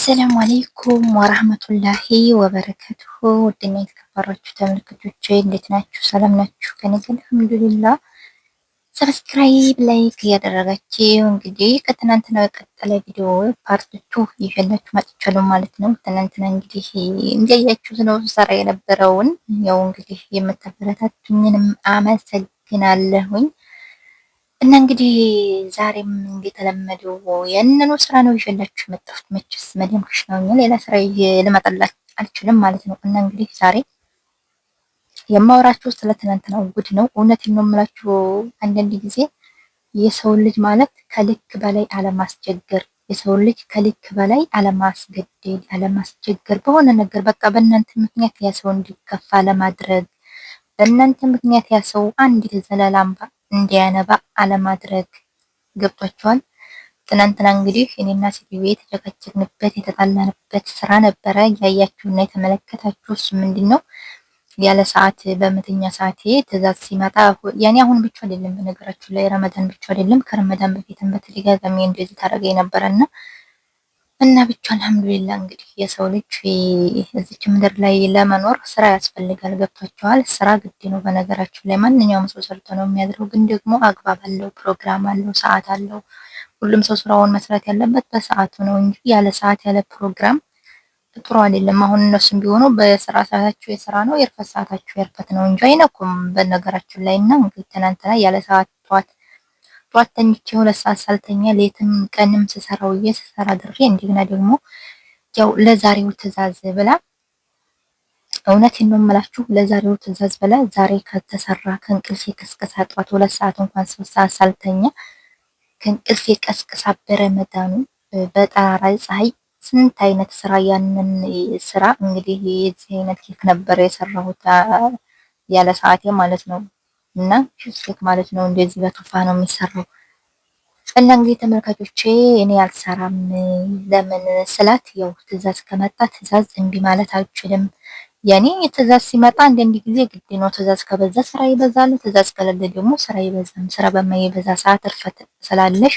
አሰላሙ አሌይኩም ወራህመቱላሂ ወበረከቱሁ ውድና የተከበራችሁ ተመልካቾቼ እንዴት ናችሁ? ሰላም ናችሁ? ከኔ ጋር አልሐምዱሊላህ። ሰብስክራይብ ላይክ እያደረጋችሁ እንግዲህ ከትናንትና በቀጠለ ቪዲዮ ፓርት ይዤላችሁ መጥቻለሁ ማለት ነው። ትናንትና እንግዲህ እንዳያችሁት ነው ሰራ የነበረውን ያው እንግዲህ የምታበረታቱኝንም አመሰግናለሁኝ። እና እንግዲህ ዛሬም እንደተለመደው ያንኑ ስራ ነው ይዤላችሁ የመጣሁት። መቼስ መዲያም ነው ሌላ ስራ ልመጣላችሁ አልችልም ማለት ነው። እና እንግዲህ ዛሬ የማወራችሁ ስለ ትናንትናው ጉድ ነው። እውነቴን ነው የምላችሁ። አንዳንድ ጊዜ የሰው ልጅ ማለት ከልክ በላይ አለማስቸገር፣ የሰው ልጅ ከልክ በላይ አለማስገደድ፣ አለማስቸገር በሆነ ነገር በቃ በእናንተ ምክንያት ያ ሰው እንዲከፋ ለማድረግ በእናንተ ምክንያት ያ ሰው አንዲት ዘለላምባ እንዲያነባ አለማድረግ ገብቷቸዋል። ትናንትና እንግዲህ እኔና ሴትዮ የተጨቃጨቅንበት የተጣላንበት ስራ ነበረ። ያያችሁና የተመለከታችሁ እሱ ምንድን ነው ያለ ሰዓት በመተኛ ሰዓቴ ትእዛዝ ሲመጣ ያኔ አሁን ብቻ አይደለም፣ በነገራችሁ ላይ ረመዳን ብቻ አይደለም፣ ከረመዳን በፊትም በተደጋጋሚ እንደዚህ ታደርገኝ ነበረና እና ብቻ አልሐምዱሊላ እንግዲህ የሰው ልጅ እዚች ምድር ላይ ለመኖር ስራ ያስፈልጋል። ገብቷቸዋል። ስራ ግድ ነው። በነገራችን ላይ ማንኛውም ሰው ሰርቶ ነው የሚያድረው፣ ግን ደግሞ አግባብ አለው፣ ፕሮግራም አለው፣ ሰዓት አለው። ሁሉም ሰው ስራውን መስራት ያለበት በሰዓቱ ነው እንጂ ያለ ሰዓት ያለ ፕሮግራም ጥሩ አይደለም። አሁን እነሱም ቢሆኑ በስራ ሰዓታቸው የስራ ነው፣ የእርፈት ሰዓታቸው የእርፈት ነው እንጂ አይነኩም። በነገራችን ላይ እና እንግዲህ ትናንትና ያለ ሰዓት ጠዋት ተኝቼ ሁለት ሰዓት ሳልተኛ ሌትም ቀንም ስሰራው እየ ስሰራ ድሬ እንደገና ደግሞ ያው ለዛሬው ትዕዛዝ ብላ እውነት ለዛሬው ብላ ዛሬ ከተሰራ ከእንቅልፌ ጠዋት ሁለት ሰዓት እንኳን ሶስት ሰዓት ሳልተኛ ከእንቅልፌ በረመዳኑ በጠራራ ፀሐይ ስንት አይነት ስራ ያንን ስራ እንግዲህ የዚህ አይነት ኬክ ነበር የሰራሁት ያለ ሰዓቴ ማለት ነው። እና ሽስክ ማለት ነው። እንደዚህ በቶፋ ነው የሚሰራው። እና እንግዲህ ተመልካቾቼ እኔ አልሰራም ለምን ስላት፣ ያው ትእዛዝ ከመጣ ትእዛዝ እምቢ ማለት አልችልም። የኔ ትእዛዝ ሲመጣ አንዳንድ ጊዜ ግድ ነው። ትእዛዝ ከበዛ ስራ ይበዛል፣ ትእዛዝ ከሌለ ደግሞ ስራ ይበዛል። ስራ በማይበዛ ሰዓት እርፈት ስላለሽ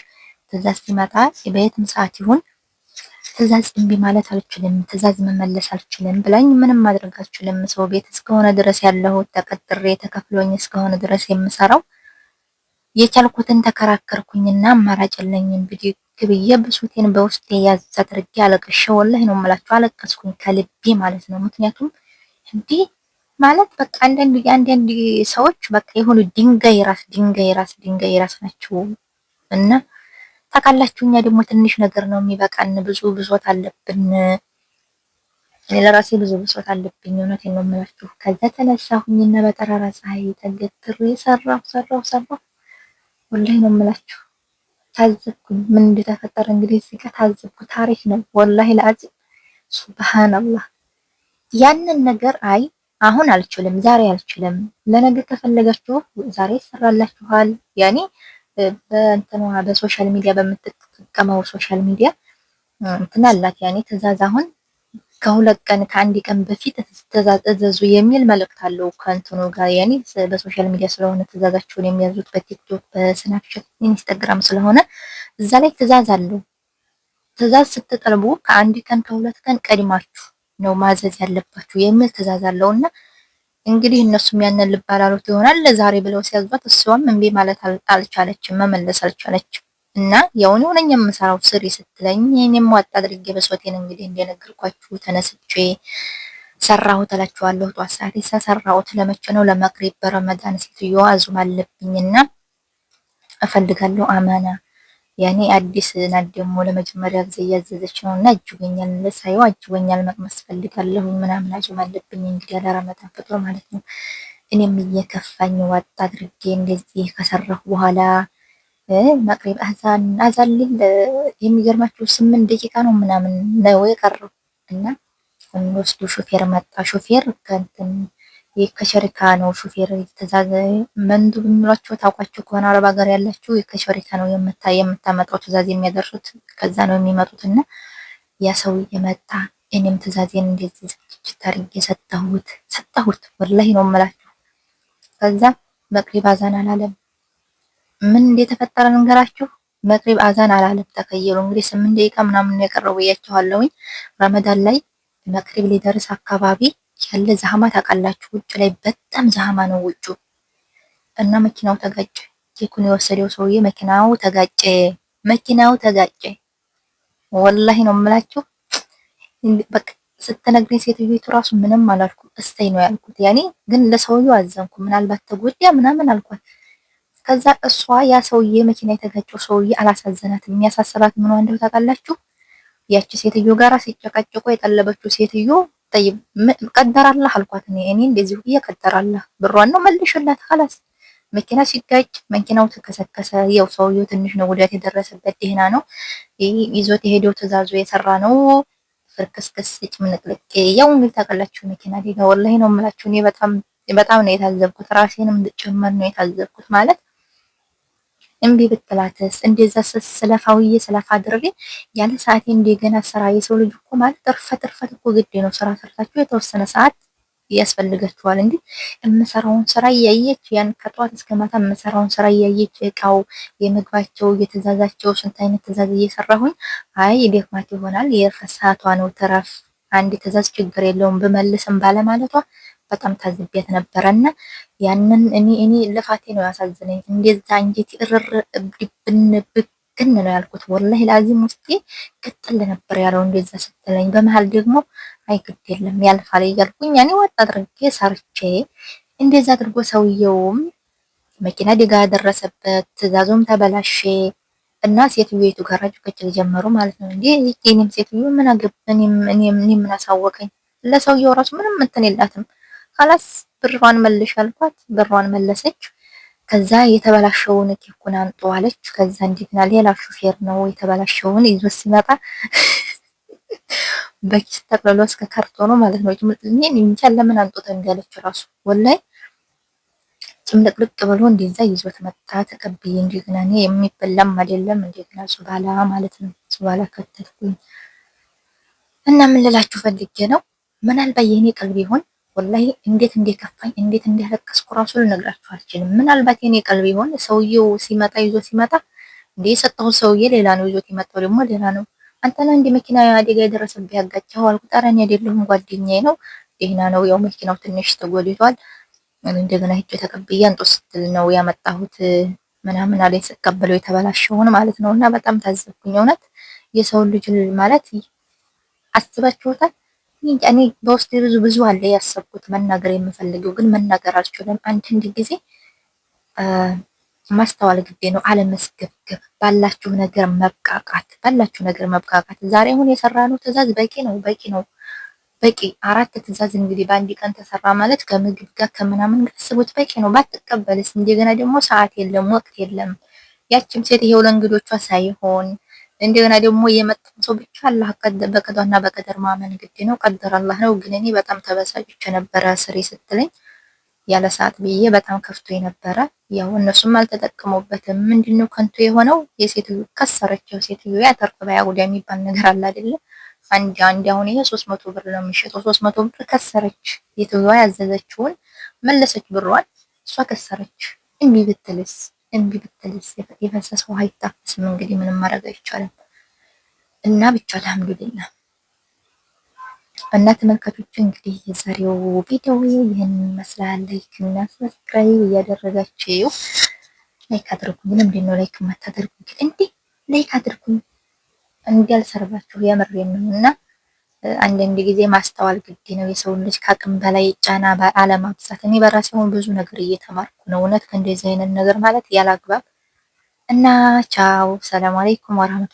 ትእዛዝ ሲመጣ በየትም ሰዓት ይሁን ትዕዛዝ እምቢ ማለት አልችልም፣ ትዕዛዝ መመለስ አልችልም ብላኝ ምንም ማድረግ አልችልም። ሰው ቤት እስከሆነ ድረስ ያለሁት ተቀጥሬ ተከፍሎኝ እስከሆነ ድረስ የምሰራው የቻልኩትን ተከራከርኩኝና አማራጭ የለኝም ብድግ ብዬ ብሶቴን በውስጤ ያዝ አድርጌ አለቅሼ ወላሂ ነው የምላችሁ። አለቀስኩኝ ከልቤ ማለት ነው። ምክንያቱም እንዲህ ማለት በቃ አንዳንድ አንዳንድ ሰዎች በቃ የሆኑ ድንጋይ ራስ ድንጋይ ራስ ድንጋይ ራስ ናቸው እና ታውቃላችሁ፣ እኛ ደግሞ ትንሽ ነገር ነው የሚበቃን። ብዙ ብሶት አለብን። ለራሴ ብዙ ብሶት አለብኝ። እውነት ነው የምላችሁ። ከዛ ተነሳሁኝና በጠራራ ፀሐይ ተገትሩ የሰራሁ ሰራሁ ሰራሁ። ወላሂ ነው የምላችሁ ታዘብኩኝ፣ ምን እንደተፈጠረ እንግዲህ እዚህ ጋር ታዘብኩ። ታሪክ ነው ወላሂ ለአዚም ሱብሃንአላህ። ያንን ነገር አይ አሁን አልችልም፣ ዛሬ አልችልም፣ ለነገ ከፈለጋችሁ ዛሬ ይሰራላችኋል ያኔ በእንትኗ በሶሻል ሚዲያ በምትጠቀመው ሶሻል ሚዲያ እንትን አላት። ያኔ ትእዛዝ አሁን ከሁለት ቀን ከአንድ ቀን በፊት ትእዛዝ እዘዙ የሚል መልእክት አለው ከእንትኑ ጋር። ያኔ በሶሻል ሚዲያ ስለሆነ ትእዛዛቸውን የሚያዙት በቲክቶክ፣ በስናፕቻት፣ ኢንስታግራም ስለሆነ እዛ ላይ ትእዛዝ አለው። ትእዛዝ ስትጠልቡ ከአንድ ቀን ከሁለት ቀን ቀድማችሁ ነው ማዘዝ ያለባችሁ የሚል ትእዛዝ አለውና እንግዲህ እነሱም ያንን ልባላሉት ይሆናል ለዛሬ ብለው ሲያዟት እሷም እምቢ ማለት አልቻለችም፣ መመለስ አልቻለችም። እና ያውን የሆነኛ የምሰራው ስሪ ስትለኝ እኔም ዋጣ አድርጌ በሶቴን እንግዲህ እንደነገርኳችሁ ተነስቼ ሰራሁት እላችኋለሁ። ጧት ሰዓት ሰራሁት። ለመቼ ነው ለመቅሪብ በረመዳን ሴትዮዋ አዙም አለብኝና እፈልጋለሁ አማና ያኔ አዲስ ናት ደግሞ ለመጀመሪያ ጊዜ እያዘዘች ነው እና እጅጎኛል ሳይዋ እጅጎኛል መቅመስ ፈልጋለሁ ምናምን አጭም አለብኝ እንግዲህ አዳር አመታን ማለት ነው። እኔም እየከፋኝ ዋጥ አድርጌ እንደዚህ ከሰራሁ በኋላ መቅሪብ አዛን አዛን ሊል የሚገርማችሁ ስምንት ደቂቃ ነው ምናምን ነው የቀረው እና ወስዶ ሾፌር መጣ። ሾፌር ከእንትን የከሸሪካ ነው ሹፌር የተዛዘ መንዱ የሚሏቸው ታውቋቸው ከሆነ አረብ ሀገር ያላችሁ የከሸሪካ ነው የምታመጣው ትእዛዝ የሚያደርሱት ከዛ ነው የሚመጡት። እና ያ ሰው የመጣ እኔም ትእዛዜን እንደዚህ ዝግጅት አድርጌ ሰጠሁት ሰጠሁት፣ ወላሂ ነው የምላችሁ። ከዛ መቅሪብ አዛን አላለም። ምን እንደተፈጠረ ንገራችሁ። መቅሪብ አዛን አላለም። ተከየሉ እንግዲህ ስምንት ደቂቃ ምናምን የቀረው ብያችኋለሁኝ። ረመዳን ላይ መቅሪብ ሊደርስ አካባቢ ያለ ዛሃማ ታውቃላችሁ፣ ውጭ ላይ በጣም ዛሃማ ነው ውጩ እና መኪናው ተጋጨ። ኬኩን የወሰደው ሰውዬ መኪናው ተጋጨ፣ መኪናው ተጋጨ። ወላሂ ነው የምላችሁ። በቃ ስትነግረኝ ሴትዮቱ ራሱ ምንም አላልኩም፣ እስተይ ነው ያልኩት። ያኔ ግን ለሰውዬው አዘንኩ፣ ምናልባት ተጎዳ ምናምን አልኳት። ከዛ እሷ ያ ሰውዬ መኪና የተጋጨው ሰውዬ አላሳዘናትም። የሚያሳስባት ምን እንደሆነ ታውቃላችሁ? ያቺ ሴትዮ ጋራ ሲጨቃጨቁ የጠለበችው ሴትዮ ጠይብ ቀደራላህ አልኳት። እኔ እኔ እንደዚሁ ብዬ ቀደራላህ ብሯን ነው መልሽላት። ኸላስ መኪና ሲጋጭ መኪናው ተከሰከሰ። ያው ሰውየው ትንሽ ነው ጉዳት የደረሰበት ደህና ነው። ይዞት የሄደው ትእዛዙ የሰራ ነው። ፍርክስክስ ጭምንቅልቅ ያው እንግዲህ ታውቃላችሁ መኪና ዴጋ ወላሂ ነው የምላችሁ። እኔ በጣም በጣም ነው የታዘብኩት፣ ራሴንም ጭምር ነው የታዘብኩት ማለት እምቢ ብትላትስ? እንደዛ ስለፋውዬ ስለፋ አድርጌ ያለ ሰዓቴ እንደገና ስራ። የሰው ልጅ እኮ ማለት እርፈት እርፈት እኮ ግድ ነው። ስራ ሰርታችሁ የተወሰነ ሰዓት ያስፈልጋችኋል እንዴ? የምሰራውን ስራ እያየች ያን ከጠዋት እስከ ማታ የምሰራውን ስራ እያየች እቃው የምግባቸው የትእዛዛቸው ስንት አይነት ትእዛዝ እየሰራሁኝ አይ ይደክማት ይሆናል። የእርፈት ሰዓቷ ነው። ትረፍ። አንድ ትእዛዝ ችግር የለውም ብመልስም ባለማለቷ በጣም ታዝቤያት ነበረና ያንን እኔ እኔ ልፋቴ ነው ያሳዝነኝ። እንደዛ እንጀቴ እርር ድብን ብክን ነው ያልኩት። ወላሂ ላዚም ውስጤ ቅጥል ነበር ያለው እንደዛ ስትለኝ። በመሀል ደግሞ አይ ግድ የለም ያልፋል እያልኩኝ ያኔ ወጥ አድርጌ ሰርቼ እንደዛ አድርጎ ሰውየውም መኪና አደጋ ደረሰበት፣ ትዕዛዙም ተበላሸ እና ሴትዮ የቱ ጋራጅ ከችል ጀመሩ ማለት ነው። እንዴ እኔም ሴትዮ ምን አገባኝ? እኔ ምን አሳወቀኝ? ለሰውየው ራሱ ምንም እንትን የላትም። ካላስ ብሯን መልሽ አልኳት። ብሯን መለሰች። ከዛ የተበላሸውን ኬኩን አንጡ አለች። ከዛ እንደገና ሌላ ሹፌር ነው የተበላሸውን ይዞ ሲመጣ በኪስ ተቅልሎ እስከ ካርቶኑ ማለት ነው። እኔን እንጃ ለምን አንጡት እንዳለች ራሱ ወላይ ጭምልቅልቅ ብሎ እንደዛ ይዞት መጣ። ተቀብዬ እንደገና እኔ የሚበላም አይደለም እንደገና ሱባላ ማለት ነው። ሱባላ ከተልኩኝ እና ምን ልላችሁ ፈልጌ ነው ምናልባት የኔ ቀልብ ይሆን ወላሂ እንዴት እንደከፋኝ እንዴት እንዳለቀስኩ ራሱ ልነግራችሁ አልችልም። ምናልባት የኔ ቀልብ ይሆን ሰውየው ሲመጣ ይዞ ሲመጣ እንደ የሰጠሁት ሰውዬ ሌላ ነው፣ ይዞት የመጣው ደግሞ ሌላ ነው። አንተ ነህ እንደ መኪና አደጋ የደረሰብህ ያጋጨኸው አልኩት። ኧረ እኔ አይደለሁም ጓደኛዬ ነው፣ ደህና ነው። ያው መኪናው ትንሽ ተጎድቷል። እንደገና ሂጅ ተቀብዬ አንጦ ስትል ነው ያመጣሁት ምናምን አለኝ። ስቀበለው የተበላሸውን ማለት ነው። እና በጣም ታዘብኩኝ እውነት የሰው ልጅ ማለት አስባችሁታል እኔ በውስጥ ብዙ ብዙ አለ ያሰብኩት መናገር የምፈልገው ግን መናገር አልችልም። አንዳንድ ጊዜ ማስተዋል ግዴ ነው፣ አለመስገብገብ፣ ባላችሁ ነገር መብቃቃት፣ ባላችሁ ነገር መብቃቃት። ዛሬ አሁን የሰራነው ትዕዛዝ በቂ ነው፣ በቂ ነው፣ በቂ አራት ትዕዛዝ እንግዲህ በአንድ ቀን ተሰራ ማለት ከምግብ ጋር ከምናምን ጋር በቂ ነው። ባትቀበልስ? እንደገና ደግሞ ሰዓት የለም ወቅት የለም። ያችም ሴት ይሄው ለእንግዶቿ ሳይሆን እንደገና ደግሞ የመጣን ሰው ብቻ አላህ በቀዷና በቀደር ማመን ግድ ነው። ቀደር አላህ ነው። ግን እኔ በጣም ተበሳጭቼ ነበረ ስሪ ስትለኝ ያለ ሰዓት ብዬ በጣም ከፍቶ የነበረ ያው እነሱም አልተጠቀሙበትም። ምንድነው ከንቱ የሆነው የሴት ከሰረችው ሴትዮ ያተርፍ ባያጉዳ የሚባል ነገር አለ አይደለ? አንድ አንድ አሁን ይሄ 300 ብር ነው የሚሸጠው። 300 ብር ከሰረች ሴትዮዋ ያዘዘችውን መለሰች ብሯን እሷ ከሰረች። እምቢ ብትልስ እምቢ ብትልስ? የፈሰሰ ውሃ አይታፈስም። እንግዲህ ምንም ማድረግ አይቻልም እና ብቻ አልሐምዱሊላ እና ተመልካቾች እንግዲህ የዛሬው ቪዲዮ ይህን ይመስላል። ላይክ እና ሰብስክራይብ እያደረጋችሁ ላይክ አድርጉ። ምንም እንዴት ላይክ የማታደርጉ? እንዴ ላይክ አድርጉ እንዲያልሰርባችሁ የምሬን ነው እና አንዳንድ ጊዜ ማስተዋል ግድ ነው። የሰው ልጅ ከአቅም በላይ ጫና አለማብዛት። እኔ በራሴ አሁን ብዙ ነገር እየተማርኩ ነው እውነት ከእንደዚህ አይነት ነገር ማለት ያላግባብ እና ቻው። ሰላም አለይኩም ወራህመቱ